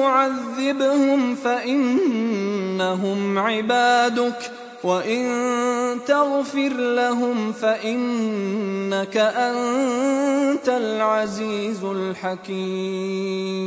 تعذبهم فإنهم عبادك وإن تغفر لهم فإنك أنت العزيز الحكيم